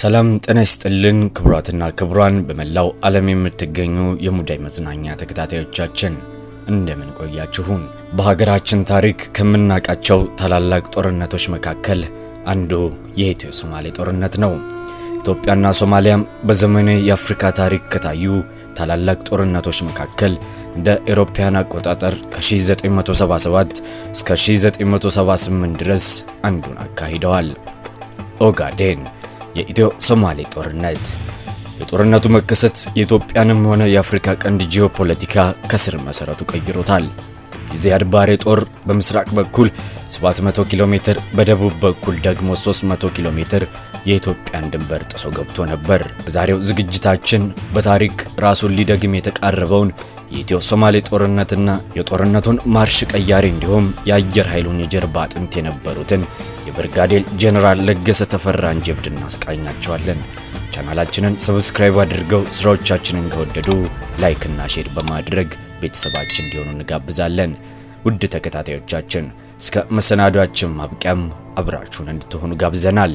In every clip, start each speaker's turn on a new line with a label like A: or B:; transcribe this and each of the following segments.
A: ሰላም ጤና ይስጥልን ክቡራትና ክቡራን በመላው ዓለም የምትገኙ የሙዳይ መዝናኛ ተከታታዮቻችን እንደምን ቆያችሁን? በሀገራችን ታሪክ ከምናውቃቸው ታላላቅ ጦርነቶች መካከል አንዱ የኢትዮ ሶማሌ ጦርነት ነው። ኢትዮጵያና ሶማሊያም በዘመኑ የአፍሪካ ታሪክ ከታዩ ታላላቅ ጦርነቶች መካከል እንደ ኤሮፓያን አቆጣጠር ከ1977 እስከ 1978 ድረስ አንዱን አካሂደዋል። ኦጋዴን የኢትዮ ሶማሌ ጦርነት። የጦርነቱ መከሰት የኢትዮጵያንም ሆነ የአፍሪካ ቀንድ ጂኦፖለቲካ ከስር መሰረቱ ቀይሮታል። የዚያድ ባሬ ጦር በምስራቅ በኩል 700 ኪሎ ሜትር፣ በደቡብ በኩል ደግሞ 300 ኪሎ ሜትር የኢትዮጵያን ድንበር ጥሶ ገብቶ ነበር። በዛሬው ዝግጅታችን በታሪክ ራሱን ሊደግም የተቃረበውን የኢትዮ ሶማሌ ጦርነትና የጦርነቱን ማርሽ ቀያሪ እንዲሁም የአየር ኃይሉን የጀርባ አጥንት የነበሩትን የብርጋዴር ጄኔራል ለገሰ ተፈራን ጀብድ እናስቃኛቸዋለን። ቻናላችንን ሰብስክራይብ አድርገው ስራዎቻችንን ከወደዱ ላይክና ሼር በማድረግ ቤተሰባችን እንዲሆኑ እንጋብዛለን። ውድ ተከታታዮቻችን እስከ መሰናዷችን ማብቂያም አብራችሁን እንድትሆኑ ጋብዘናል።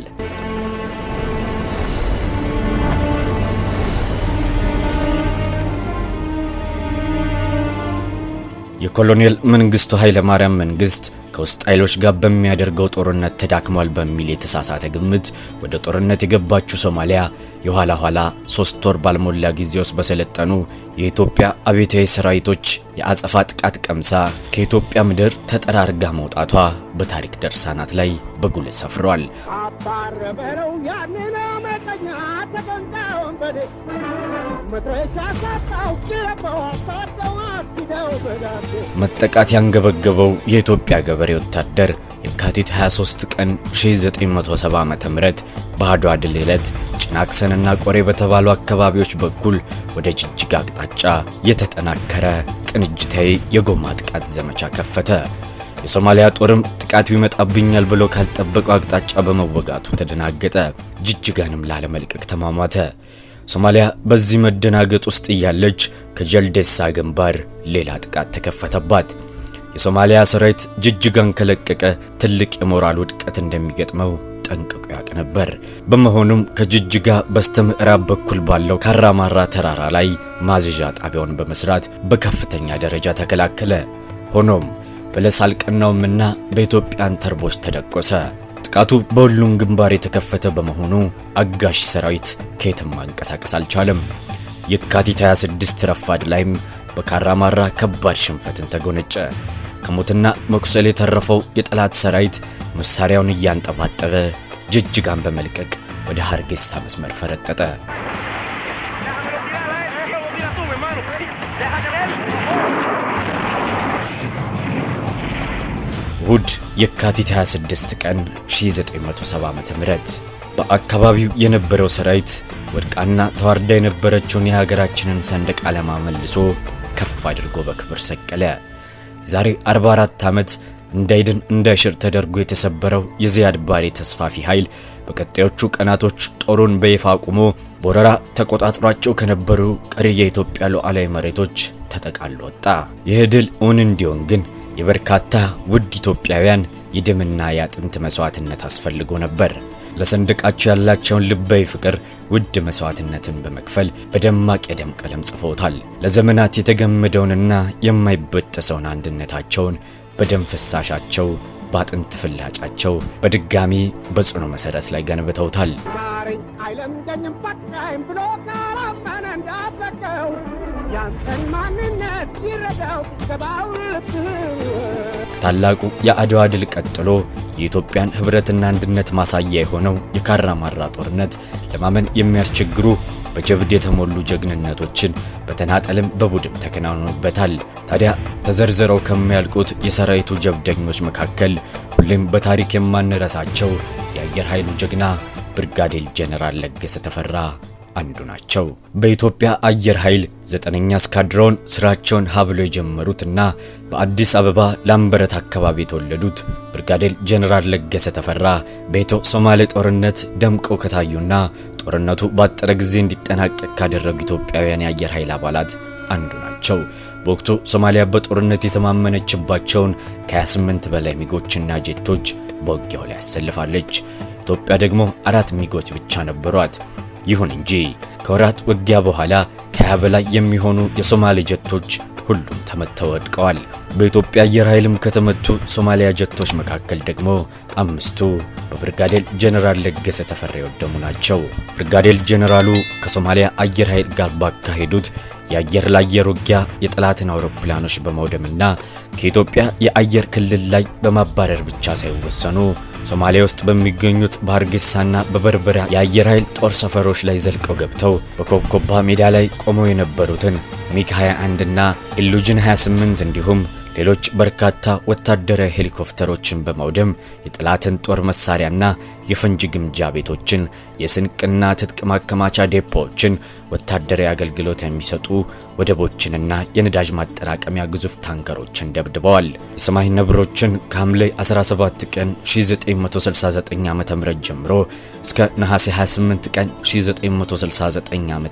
A: የኮሎኔል መንግስቱ ኃይለ ማርያም መንግስት ከውስጥ ኃይሎች ጋር በሚያደርገው ጦርነት ተዳክሟል በሚል የተሳሳተ ግምት ወደ ጦርነት የገባችው ሶማሊያ የኋላ ኋላ ሶስት ወር ባልሞላ ጊዜ ውስጥ በሰለጠኑ የኢትዮጵያ አብዮታዊ ሰራዊቶች የአጸፋ ጥቃት ቀምሳ ከኢትዮጵያ ምድር ተጠራርጋ መውጣቷ በታሪክ ድርሳናት ላይ በጉል ሰፍሯል። መጠቃት ያንገበገበው የኢትዮጵያ ገበሬ ወታደር የካቲት 23 ቀን 1970 ዓ.ም በአድዋ ድል ዕለት እና ቆሬ በተባሉ አካባቢዎች በኩል ወደ ጅጅጋ አቅጣጫ የተጠናከረ ቅንጅታዊ የጎማ ጥቃት ዘመቻ ከፈተ። የሶማሊያ ጦርም ጥቃቱ ይመጣብኛል ብሎ ካልጠበቀው አቅጣጫ በመወጋቱ ተደናገጠ። ጅጅጋንም ላለመልቀቅ ተሟሟተ። ሶማሊያ በዚህ መደናገጥ ውስጥ እያለች ከጀልዴሳ ግንባር ሌላ ጥቃት ተከፈተባት። የሶማሊያ ሰራዊት ጅጅጋን ከለቀቀ ትልቅ የሞራል ውድቀት እንደሚገጥመው ጠንቅቆ ያውቅ ነበር። በመሆኑም ከጅጅጋ በስተምዕራብ በኩል ባለው ካራማራ ተራራ ላይ ማዝዣ ጣቢያውን በመስራት በከፍተኛ ደረጃ ተከላከለ። ሆኖም በለስ አልቀናውምና በኢትዮጵያን ተርቦስ ተደቆሰ። ጥቃቱ በሁሉም ግንባር የተከፈተ በመሆኑ አጋሽ ሰራዊት ከየትም ማንቀሳቀስ አልቻለም። የካቲት 26 ረፋድ ላይም በካራማራ ከባድ ሽንፈትን ተጎነጨ። ከሞትና መቁሰል የተረፈው የጠላት ሰራዊት መሳሪያውን እያንጠባጠበ ጅጅጋን በመልቀቅ ወደ ሀርጌሳ መስመር ፈረጠጠ። እሁድ የካቲት 26 ቀን 1970 ዓ.ም በአካባቢው የነበረው ሰራዊት ወድቃና ተዋርዳ የነበረችውን የሀገራችንን ሰንደቅ ዓላማ መልሶ ከፍ አድርጎ በክብር ሰቀለ። ዛሬ 44 ዓመት እንዳይድን እንዳይሽር ተደርጎ የተሰበረው የዚያድ ባሬ ተስፋፊ ኃይል በቀጣዮቹ ቀናቶች ጦሩን በይፋ አቁሞ በወረራ ተቆጣጥሯቸው ከነበሩ ቀሪ የኢትዮጵያ ሉዓላዊ መሬቶች ተጠቃሎ ወጣ። ይህ ድል እውን እንዲሆን ግን የበርካታ ውድ ኢትዮጵያውያን የደምና የአጥንት መስዋዕትነት አስፈልጎ ነበር። ለሰንደቃቸው ያላቸውን ልባዊ ፍቅር ውድ መስዋዕትነትን በመክፈል በደማቅ የደም ቀለም ጽፈውታል። ለዘመናት የተገመደውንና የማይበጠሰውን አንድነታቸውን በደም ፍሳሻቸው፣ በአጥንት ፍላጫቸው በድጋሚ በጽኑ መሠረት ላይ ገንብተውታል። ታላቁ የአድዋ ድል ቀጥሎ የኢትዮጵያን ህብረትና አንድነት ማሳያ የሆነው የካራ ማራ ጦርነት ለማመን የሚያስቸግሩ በጀብድ የተሞሉ ጀግንነቶችን በተናጠልም በቡድን ተከናውኖበታል። ታዲያ ተዘርዝረው ከሚያልቁት የሰራዊቱ ጀብደኞች መካከል ሁሌም በታሪክ የማንረሳቸው የአየር ኃይሉ ጀግና ብርጋዴር ጄኔራል ለገሰ ተፈራ አንዱ ናቸው። በኢትዮጵያ አየር ኃይል ዘጠነኛ እስካድሮን ስራቸውን ሀብሎ የጀመሩትና በአዲስ አበባ ላምበረት አካባቢ የተወለዱት ብርጋዴር ጄኔራል ለገሰ ተፈራ በኢትዮ ሶማሌ ጦርነት ደምቀው ከታዩና ጦርነቱ ባጠረ ጊዜ እንዲጠናቀቅ ካደረጉ ኢትዮጵያውያን የአየር ኃይል አባላት አንዱ ናቸው። በወቅቱ ሶማሊያ በጦርነት የተማመነችባቸውን ከ28 በላይ ሚጎችና ጄቶች በውጊያው ላይ ያሰልፋለች። ኢትዮጵያ ደግሞ አራት ሚጎች ብቻ ነበሯት። ይሁን እንጂ ከወራት ውጊያ በኋላ ከሀያ በላይ የሚሆኑ የሶማሌ ጀቶች ሁሉም ተመተው ወድቀዋል። በኢትዮጵያ አየር ኃይልም ከተመቱ ሶማሊያ ጀቶች መካከል ደግሞ አምስቱ በብርጋዴር ጄኔራል ለገሰ ተፈራ የወደሙ ናቸው። ብርጋዴር ጄኔራሉ ከሶማሊያ አየር ኃይል ጋር ባካሄዱት የአየር ለአየር ውጊያ የጠላትን አውሮፕላኖች በማውደምና ከኢትዮጵያ የአየር ክልል ላይ በማባረር ብቻ ሳይወሰኑ ሶማሌ ውስጥ በሚገኙት በሀርጌሳና በበርበራ የአየር ኃይል ጦር ሰፈሮች ላይ ዘልቀው ገብተው በኮብኮባ ሜዳ ላይ ቆመው የነበሩትን ሚግ 21ና ኢሉጅን 28 እንዲሁም ሌሎች በርካታ ወታደራዊ ሄሊኮፕተሮችን በማውደም የጠላትን ጦር መሳሪያና የፈንጂ ግምጃ ቤቶችን፣ የስንቅና ትጥቅ ማከማቻ ዴፖዎችን፣ ወታደራዊ አገልግሎት የሚሰጡ ወደቦችንና የነዳጅ ማጠራቀሚያ ግዙፍ ታንከሮችን ደብድበዋል። የሰማይ ነብሮችን ከሐምሌ 17 ቀን 1969 ዓ.ም ጀምሮ እስከ ነሐሴ 28 ቀን 1969 ዓ.ም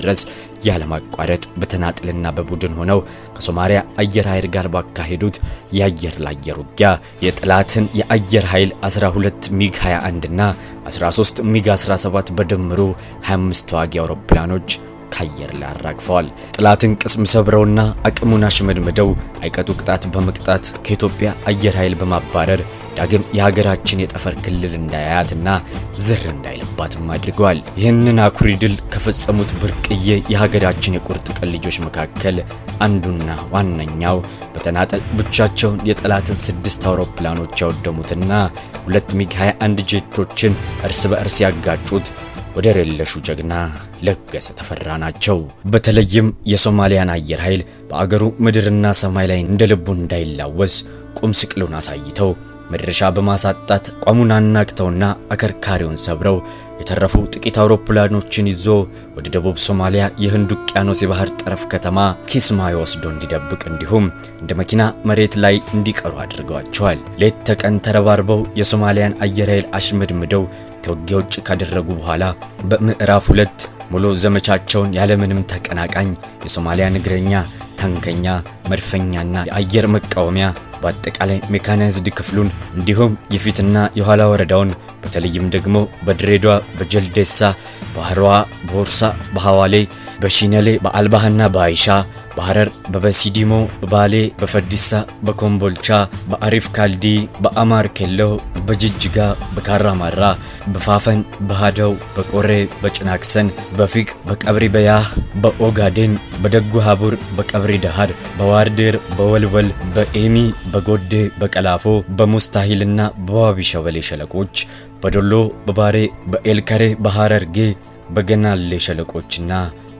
A: ድረስ ያለማቋረጥ በተናጥልና በቡድን ሆነው ከሶማሊያ አየር ኃይል ጋር ባካሄዱት የአየር ላየር ውጊያ የጠላትን የአየር ኃይል 12 ሚግ 21 11 እና 13 ሚግ 17 በድምሩ 25 ተዋጊ አውሮፕላኖች ከአየር ላይ አራግፈዋል። ጠላትን ቅስም ሰብረውና አቅሙን አሽመድምደው አይቀጡ ቅጣት በመቅጣት ከኢትዮጵያ አየር ኃይል በማባረር ዳግም የሀገራችን የጠፈር ክልል እንዳያያትና ዝር እንዳይልባትም አድርገዋል። ይህንን አኩሪ ድል ከፈጸሙት ብርቅዬ የሀገራችን የቁርጥ ቀን ልጆች መካከል አንዱና ዋነኛው በተናጠል ብቻቸውን የጠላትን ስድስት አውሮፕላኖች ያወደሙትና ሁለት ሚግ 21 ጄቶችን እርስ በእርስ ያጋጩት ወደር የለሹ ጀግና ለገሰ ተፈራ ናቸው። በተለይም የሶማሊያን አየር ኃይል በአገሩ ምድርና ሰማይ ላይ እንደ ልቡ እንዳይላወስ ቁም ስቅሉን አሳይተው መድረሻ በማሳጣት ቋሙን አናግተውና አከርካሪውን ሰብረው የተረፉ ጥቂት አውሮፕላኖችን ይዞ ወደ ደቡብ ሶማሊያ የህንድ ውቅያኖስ የባህር ጠረፍ ከተማ ኪስማዮ ወስዶ እንዲደብቅ እንዲሁም እንደ መኪና መሬት ላይ እንዲቀሩ አድርገዋቸዋል። ሌት ተቀን ተረባርበው የሶማሊያን አየር ኃይል አሽመድምደው ከውጊያ ውጭ ካደረጉ በኋላ በምዕራፍ ሁለት ሙሉ ዘመቻቸውን ያለምንም ተቀናቃኝ የሶማሊያን እግረኛ፣ ታንከኛ፣ መድፈኛና የአየር መቃወሚያ በአጠቃላይ ሜካናይዝድ ክፍሉን እንዲሁም የፊትና የኋላ ወረዳውን በተለይም ደግሞ በድሬዷ፣ በጀልዴሳ፣ ባህርዋ፣ በሆርሳ፣ በሐዋሌ፣ በሺነሌ፣ በአልባህና በአይሻ በሐረር፣ በበሲዲሞ፣ በባሌ፣ በፈዲሳ፣ በኮምቦልቻ፣ በአሪፍ ካልዲ፣ በአማር ኬሎ፣ በጅጅጋ፣ በካራማራ፣ በፋፈን፣ በሃደው፣ በቆሬ፣ በጭናክሰን፣ በፊቅ፣ በቀብሪ በያህ፣ በኦጋዴን፣ በደጉ ሀቡር፣ በቀብሪ ደሃር፣ በዋርዴር፣ በወልወል፣ በኤሚ፣ በጎዴ፣ በቀላፎ፣ በሙስታሂልና በዋቢ ሸበሌ ሸለቆች በዶሎ፣ በባሬ፣ በኤልከሬ፣ በሐረርጌ፣ በገናሌ ሸለቆችና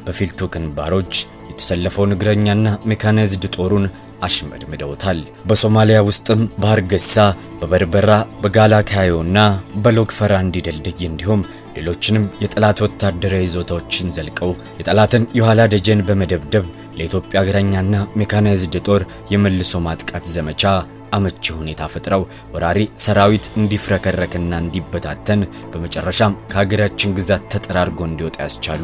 A: በፊልቱ ግንባሮች የተሰለፈውን እግረኛና ሜካናይዝድ ጦሩን አሽመድምደውታል። በሶማሊያ ውስጥም በሀርገሳ፣ በበርበራ፣ በጋላካዮና በሎክፈራ እንዲደልድይ እንዲሁም ሌሎችንም የጠላት ወታደራዊ ይዞታዎችን ዘልቀው የጠላትን የኋላ ደጀን በመደብደብ ለኢትዮጵያ እግረኛና ሜካናይዝድ ጦር የመልሶ ማጥቃት ዘመቻ አመቺ ሁኔታ ፈጥረው ወራሪ ሰራዊት እንዲፍረከረክና እንዲበታተን በመጨረሻም ከሀገራችን ግዛት ተጠራርጎ እንዲወጣ ያስቻሉ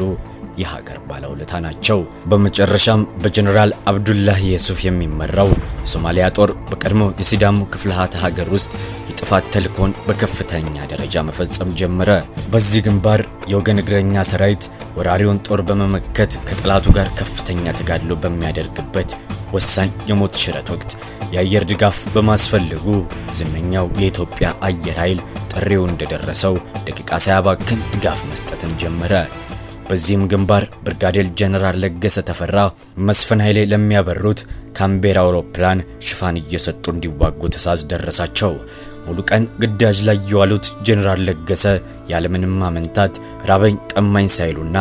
A: የሀገር ባለውለታ ናቸው። በመጨረሻም በጀኔራል አብዱላህ የሱፍ የሚመራው የሶማሊያ ጦር በቀድሞ የሲዳሙ ክፍልሃተ ሀገር ውስጥ የጥፋት ተልኮን በከፍተኛ ደረጃ መፈጸም ጀመረ። በዚህ ግንባር የወገን እግረኛ ሰራዊት ወራሪውን ጦር በመመከት ከጠላቱ ጋር ከፍተኛ ተጋድሎ በሚያደርግበት ወሳኝ የሞት ሽረት ወቅት የአየር ድጋፍ በማስፈልጉ ዝነኛው የኢትዮጵያ አየር ኃይል ጥሪው እንደደረሰው ደቂቃ ሳያባክን ድጋፍ መስጠትን ጀመረ። በዚህም ግንባር ብርጋዴር ጀነራል ለገሰ ተፈራ መስፍን ኃይሌ ለሚያበሩት ካምቤራ አውሮፕላን ሽፋን እየሰጡ እንዲዋጉ ትዕዛዝ ደረሳቸው። ሙሉ ቀን ግዳጅ ላይ የዋሉት ጀነራል ለገሰ ያለምንም አመንታት ራበኝ ጠማኝ ሳይሉና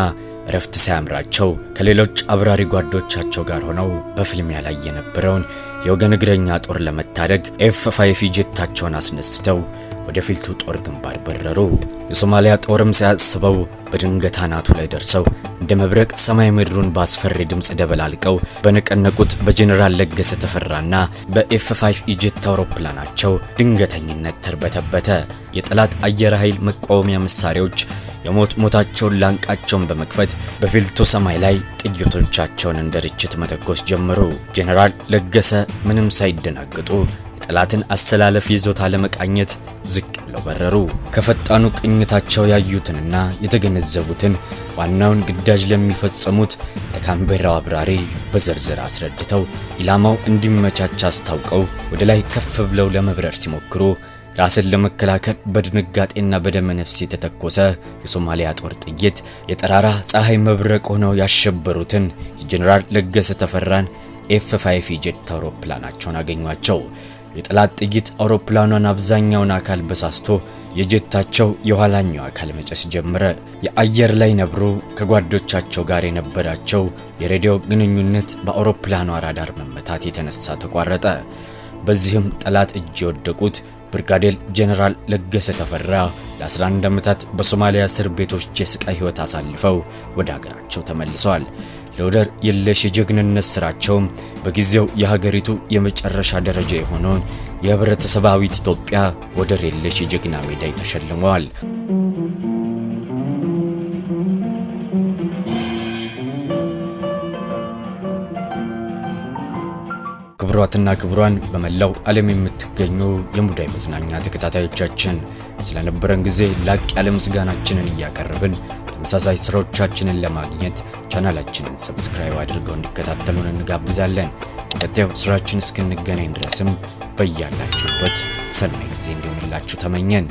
A: እረፍት ሳያምራቸው ከሌሎች አብራሪ ጓዶቻቸው ጋር ሆነው በፍልሚያ ላይ የነበረውን የወገን እግረኛ ጦር ለመታደግ ኤፍ ፋይፍ ጄታቸውን አስነስተው ወደ ፊልቱ ጦር ግንባር በረሩ። የሶማሊያ ጦርም ሳያስበው በድንገት አናቱ ላይ ደርሰው እንደ መብረቅ ሰማይ ምድሩን በአስፈሪ ድምፅ ደበላልቀው በነቀነቁት በጀነራል ለገሰ ተፈራና በኤፍ5 ኢጄት አውሮፕላናቸው ድንገተኝነት ተርበተበተ። የጠላት አየር ኃይል መቃወሚያ መሳሪያዎች የሞት ሞታቸውን ላንቃቸውን በመክፈት በፊልቱ ሰማይ ላይ ጥይቶቻቸውን እንደ ርችት መተኮስ ጀመሩ። ጄኔራል ለገሰ ምንም ሳይደናግጡ የጠላትን አሰላለፍ ይዞታ ለመቃኘት ዝቅ ብለው በረሩ። ከፈጣኑ ቅኝታቸው ያዩትንና የተገነዘቡትን ዋናውን ግዳጅ ለሚፈጸሙት ለካምቤራው አብራሪ በዝርዝር አስረድተው ኢላማው እንዲመቻች አስታውቀው ወደ ላይ ከፍ ብለው ለመብረር ሲሞክሩ ራስን ለመከላከል በድንጋጤና በደመ ነፍስ የተተኮሰ የሶማሊያ ጦር ጥይት የጠራራ ፀሐይ መብረቅ ሆነው ያሸበሩትን የጀኔራል ለገሰ ተፈራን ኤፍ5 ጄት አውሮፕላናቸውን አገኟቸው። የጠላት ጥይት አውሮፕላኗን አብዛኛውን አካል በሳስቶ የጀታቸው የኋላኛው አካል መጨስ ጀመረ። የአየር ላይ ነብሩ ከጓዶቻቸው ጋር የነበራቸው የሬዲዮ ግንኙነት በአውሮፕላኗ ራዳር መመታት የተነሳ ተቋረጠ። በዚህም ጠላት እጅ የወደቁት ብርጋዴር ጄኔራል ለገሰ ተፈራ፣ ለ11 ዓመታት በሶማሊያ እስር ቤቶች የስቃይ ህይወት አሳልፈው ወደ ሀገራቸው ተመልሰዋል። ለወደር የለሽ የጀግንነት ስራቸውም በጊዜው የሀገሪቱ የመጨረሻ ደረጃ የሆነውን የህብረተሰባዊት ኢትዮጵያ ወደር የለሽ የጀግና ሜዳይ ተሸልመዋል። ክቡራትና ክብሯን በመላው ዓለም የምትገኙ የሙዳይ መዝናኛ ተከታታዮቻችን ስለነበረን ጊዜ ላቅ ያለ ምስጋናችንን እያቀረብን ተመሳሳይ ስራዎቻችንን ለማግኘት ቻናላችንን ሰብስክራይብ አድርገው እንዲከታተሉን እንጋብዛለን። ቀጣዩ ስራችን እስክንገናኝ ድረስም በያላችሁበት ሰናይ ጊዜ እንዲሆንላችሁ ተመኘን።